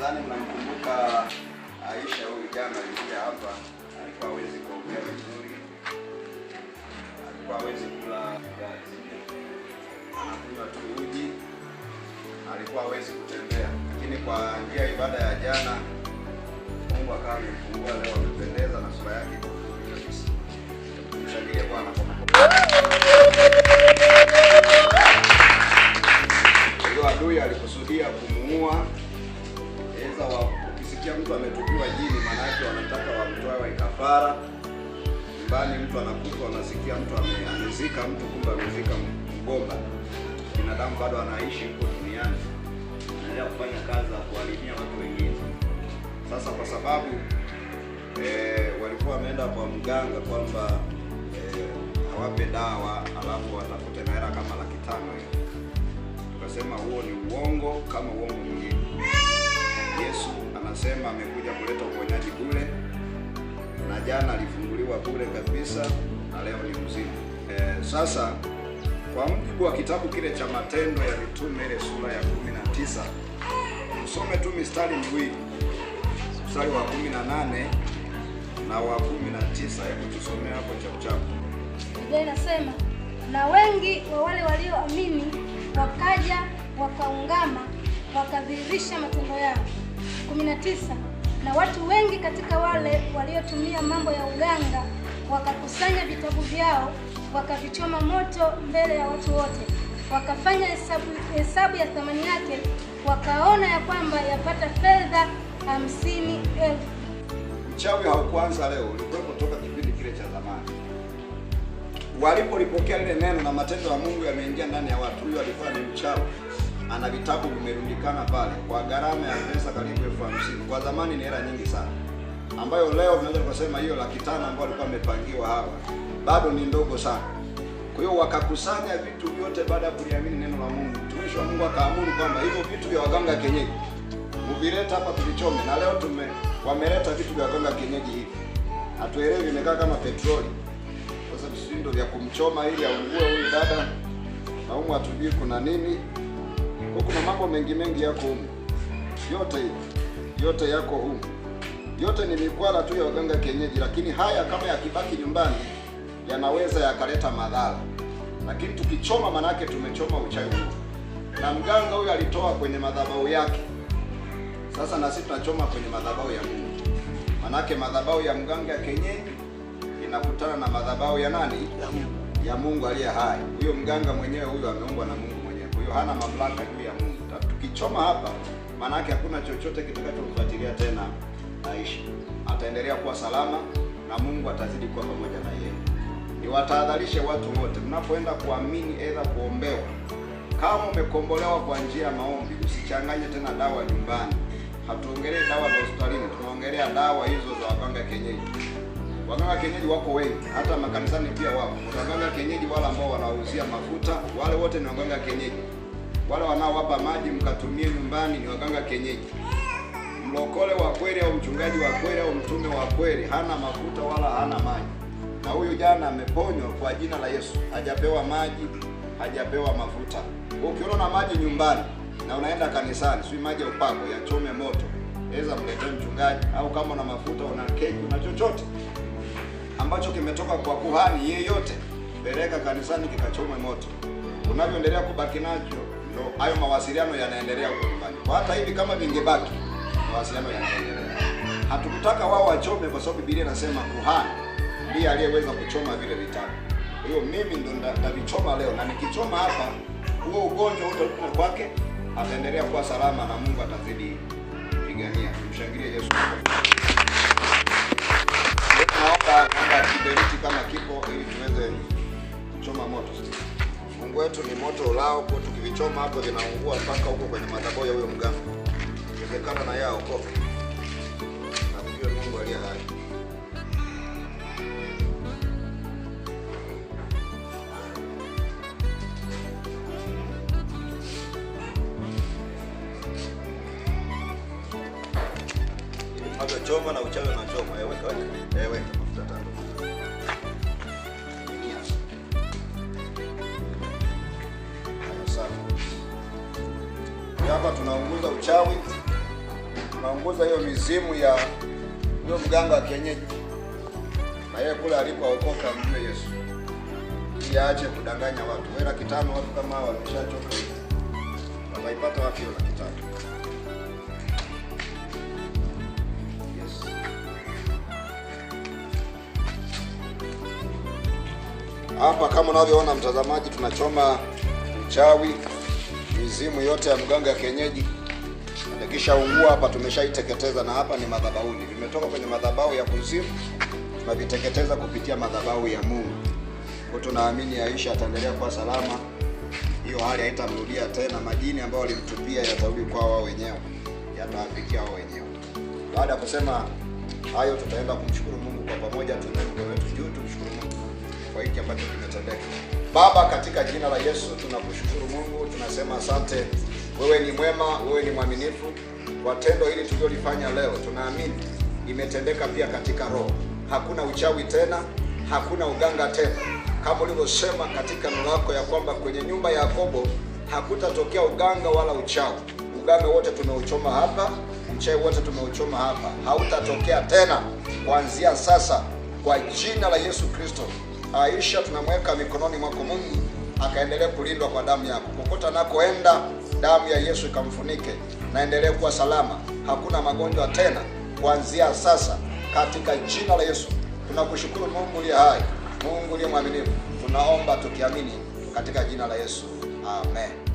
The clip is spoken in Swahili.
Nadhani mnamkumbuka Aisha, huyu jana alikuja hapa, alikuwa hawezi kuongea vizuri, alikuwa hawezi kula gazi, anakunywa tu uji, alikuwa hawezi kutembea, lakini kwa njia ibada ya jana Mungu akawa amemfungua leo, amependeza na sura yake. Tumshangilie Bwana. amezika mtu, kumbe amezika mgomba. Binadamu bado anaishi huko duniani, anaendelea kufanya kazi za kuwalimia watu wengine. Sasa kwa sababu e, walikuwa wameenda kwa mganga kwamba e, awape dawa alafu watafute na hela kama laki tano hivi, tukasema huo ni uongo kama uongo mwingine. Yesu anasema amekuja kuleta uponyaji bure, na jana alifunguliwa bure kabisa na leo ni mzima. E, sasa kwa mujibu wa kitabu kile cha Matendo ya Mitume ile sura ya 19 msome tu mistari miwili, mstari wa 18 na wa 19. Hebu tusome hapo chapu chapu. Biblia inasema na wengi wa wale walioamini wakaja wakaungama wakadhihirisha matendo yao. 19 na watu wengi katika wale waliotumia mambo ya uganga wakakusanya vitabu vyao wakavichoma moto mbele ya watu wote. Wakafanya hesabu, hesabu ya thamani yake, wakaona ya kwamba yapata fedha hamsini elfu. Uchawi haukuanza leo, ulikuwepo toka kipindi kile cha zamani. Walipolipokea lile neno na matendo ya Mungu yameingia ndani ya watu, huyo alikuwa ni mchawi ana vitabu vimerundikana pale kwa gharama ya pesa karibu elfu hamsini kwa zamani ni hela nyingi sana, ambayo leo tunaweza kusema hiyo laki tano ambayo alikuwa amepangiwa hawa bado ni ndogo sana. Kwa hiyo wakakusanya vitu vyote baada ya kuliamini neno la Mungu. Mtumishi wa Mungu akaamuru kwamba hivyo vitu vya waganga kienyeji uvileta hapa tulichome, na leo tume wameleta vitu vya waganga kienyeji hivi, hatuelewi vimekaa kama petroli. kwa sababu sisi ndio vya kumchoma ili aungue huyu dada na umu, hatujui kuna nini kwa, kuna mambo mengi mengi yako humu, yote yote yako humu, yote ni mikwala tu ya waganga kienyeji, lakini haya kama yakibaki nyumbani yanaweza yakaleta madhara, lakini tukichoma, manake tumechoma uchawi huu, na mganga huyu alitoa kwenye madhabahu yake. Sasa na sisi tunachoma kwenye madhabahu ya Mungu, manake madhabahu ya mganga kenyeji inakutana na madhabahu ya nani? Ya Mungu aliye hai. Huyo mganga mwenyewe huyo ameumbwa na Mungu mwenyewe, kwa hiyo hana mamlaka juu ya Mungu. Tukichoma hapa, manake hakuna chochote kitakachomfuatilia tena, naishi ataendelea kuwa salama na Mungu atazidi kuwa pamoja na yeye niwatahadharishe watu wote, mnapoenda kuamini edha kuombewa, kama umekombolewa kwa njia ya maombi, usichanganye tena dawa nyumbani. Hatuongelee dawa za hospitalini, tunaongelea dawa hizo za waganga kienyeji. Waganga kienyeji wako wengi, hata makanisani pia wako waganga kienyeji, wale ambao wanauzia mafuta, wale wote ni waganga kienyeji. Wale wanaowapa maji mkatumie nyumbani ni waganga kienyeji. Mlokole wa kweli au mchungaji wa kweli au mtume wa kweli hana mafuta wala hana maji na huyu jana ameponywa kwa jina la Yesu, hajapewa maji, hajapewa mafuta. Ukiona na maji nyumbani na unaenda kanisani, si maji ya upako yachome moto, weza mletee mchungaji, au kama una mafuta, una keki, una chochote ambacho kimetoka kwa kuhani yeyote, peleka kanisani kikachomwe moto. Unavyoendelea kubaki nacho, ndio hayo mawasiliano yanaendelea huko nyumbani. Kwa hata hivi kama vingebaki, mawasiliano yanaendelea. Hatukutaka wao wachome, kwa sababu Biblia inasema kuhani ndiye aliyeweza kuchoma vile vitabu. Kwa hiyo mimi ndo nitavichoma leo, na nikichoma hapa, huo ugonjwa utakuwa kwake, ataendelea kuwa salama na Mungu atazidi kupigania. Tumshangilie Yesu. Naomba kwamba kiberiti kama kipo, ili tuweze kuchoma moto. Mungu wetu ni moto ulao, kwa tukivichoma hapo vinaungua mpaka huko kwenye madhabahu ya huyo mganga. Iwezekana na yeye aokoke. Namjue Mungu aliye hai. choma choma na uchawi unachoma. Eh, weka weka. Eh, weka mafuta tano. Hapa tunaunguza uchawi, tunaunguza hiyo mizimu ya huyo mganga wa kienyeji, na yeye kule alipookoka mjue Yesu ili aache kudanganya watu. Wewe laki tano, watu kama hawa wameshachoka, wataipata wapi hiyo laki tano? Hapa kama unavyoona mtazamaji, tunachoma uchawi, mizimu yote ya mganga ya kienyeji kisha ungua hapa, tumeshaiteketeza na hapa ni madhabahuni, vimetoka kwenye madhabahu ya kuzimu, tunaviteketeza kupitia madhabahu ya Mungu. Kwa tunaamini Aisha ataendelea kuwa salama, hiyo hali haitamrudia tena. Majini ambayo walimtupia yatarudi kwa wao wenyewe, yatawafikia wao wenyewe. Baada ya kusema hayo, tutaenda kumshukuru Mungu kwa pamoja, tuna wetu juu, tumshukuru Mungu kwa hiki ambacho kimetendeka. Baba, katika jina la Yesu tunakushukuru Mungu, tunasema asante. Wewe ni mwema, wewe ni mwaminifu. Kwa tendo hili tuliolifanya leo, tunaamini imetendeka pia katika roho. Hakuna uchawi tena, hakuna uganga tena, kama ulivyosema katika neno lako ya kwamba kwenye nyumba ya Yakobo hakutatokea uganga wala uchawi. Uganga wote tumeuchoma hapa, uchawi wote tumeuchoma hapa, hautatokea tena kuanzia sasa, kwa jina la Yesu Kristo. Aisha tunamweka mikononi mwako Mungu, akaendelee kulindwa kwa damu yako. kokota anakoenda damu ya Yesu ikamfunike, naendelee kuwa salama, hakuna magonjwa tena kuanzia sasa, katika jina la Yesu. Tunakushukuru Mungu uliye hai, Mungu uliye mwaminifu, tunaomba tukiamini katika jina la Yesu, amen.